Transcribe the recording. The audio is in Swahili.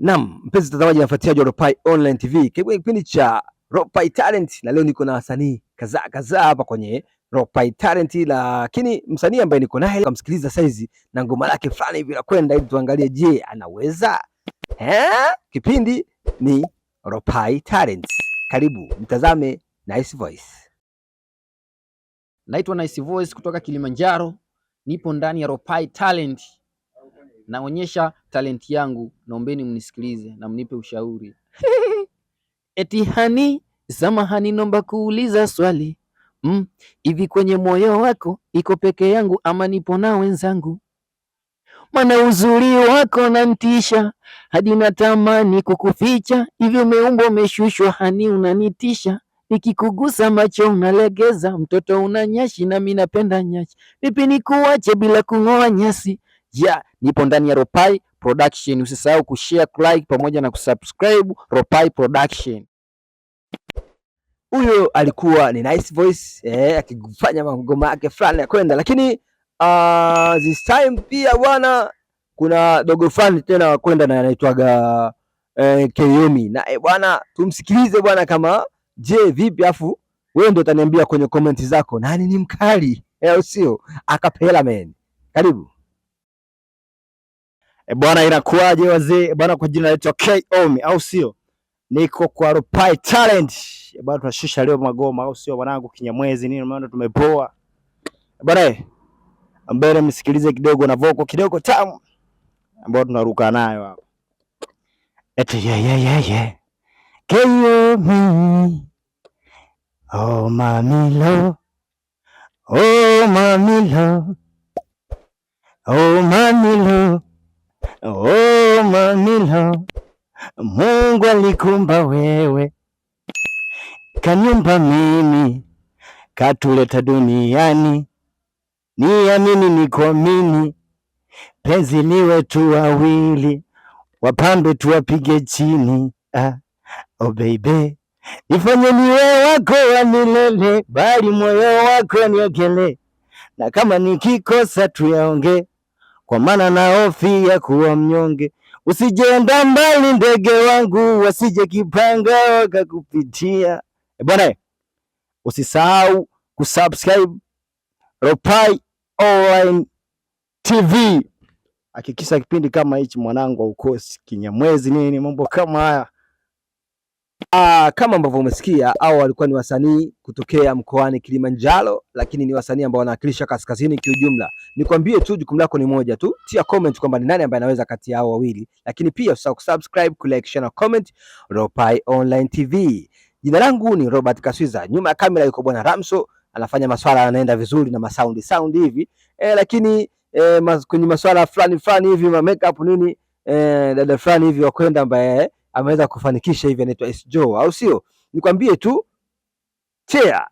Naam, mpenzi mtazamaji na wa Ropai Online TV, karibu kipindi cha Ropai Talent, na leo niko na wasanii kadhaa kadhaa hapa kwenye Ropai Talent, lakini msanii ambaye niko naye kamsikiliza saizi na ngoma lake fulani hivi la kwenda ili tuangalie, je, anaweza He? Kipindi ni Ropai Talent, karibu mtazame Nice Voice. Naitwa Nice Voice kutoka Kilimanjaro, nipo ndani ya Ropai Talent naonyesha talenti yangu, naombeni mnisikilize na mnipe ushauri. Etihani samahani, nomba kuuliza swali mm, hivi, mm, kwenye moyo wako iko peke yangu ama nipo na wenzangu? Mana uzuri wako nantisha hadi natamani kukuficha, hivi umeumbwa umeshushwa, hani unanitisha nikikugusa macho unalegeza, mtoto una nyashi nami napenda nyashi, vipi nikuache bila kung'oa nyasi? yeah, nipo ndani ya Ropai Production. Usisahau kushare, kulike pamoja na kusubscribe Ropai Production. Huyo alikuwa ni Nice Voice eh, akifanya mangoma yake fulani ya kwenda, lakini uh, this time pia bwana, kuna dogo fulani tena wakwenda na anaitwaga eh, Keyomi na eh, bwana, tumsikilize bwana kama je, vipi afu wewe ndio utaniambia kwenye komenti zako nani ni mkali eh, au sio? Akapela man, karibu. E bwana, inakuwaje wazee E bwana? Kwa jina naitwa Komi, au sio? Niko kwa Rupai Talent e bwana, tunashusha leo magoma, au sio mwanangu? Kinyamwezi nini, maana tumepoa e bwana. Mbele msikilize kidogo na voko kidogo tamu ambayo tunaruka nayo hapa, eti ye ye ye yeah Komi, oh mami lo. oh mami lo. oh mami lo. Oh, Oh, Mamilo, Mungu alikumba wewe, kanyumba mimi, katuleta duniani, ni niamini nikuamini, penzi liwe tu wawili, wapambe tuwapige chini. Ah, oh baby, nifanye niwe wako wa milele, bali moyo wako niogele, na kama nikikosa tuyaonge kwa maana nahofia kuwa mnyonge. Usijenda mbali ndege wangu, wasije kipanga wakakupitia. E eh, bwana, usisahau kusubscribe Ropai Online TV. Hakikisha kipindi kama hichi mwanangu, aukosi kinyamwezi nini, mambo kama haya. Aa, ah, kama ambavyo umesikia au walikuwa ni wasanii kutokea mkoani Kilimanjaro, lakini ni wasanii ambao wanawakilisha kaskazini kiujumla. Nikwambie tu jukumu lako ni moja tu, tia comment kwamba ni nani ambaye anaweza kati ya hao wawili, lakini pia usisahau kusubscribe, kulike, share na comment. Ropai Online TV, jina langu ni Robert Kaswiza, nyuma ya kamera yuko bwana Ramso, anafanya maswala anaenda vizuri na masaundi sound hivi e, lakini e, mas, kwenye maswala fulani fulani hivi ma makeup nini e, dada fulani hivi wakwenda ambaye ameweza kufanikisha hivi, anaitwa sjo au sio? Nikwambie tu chea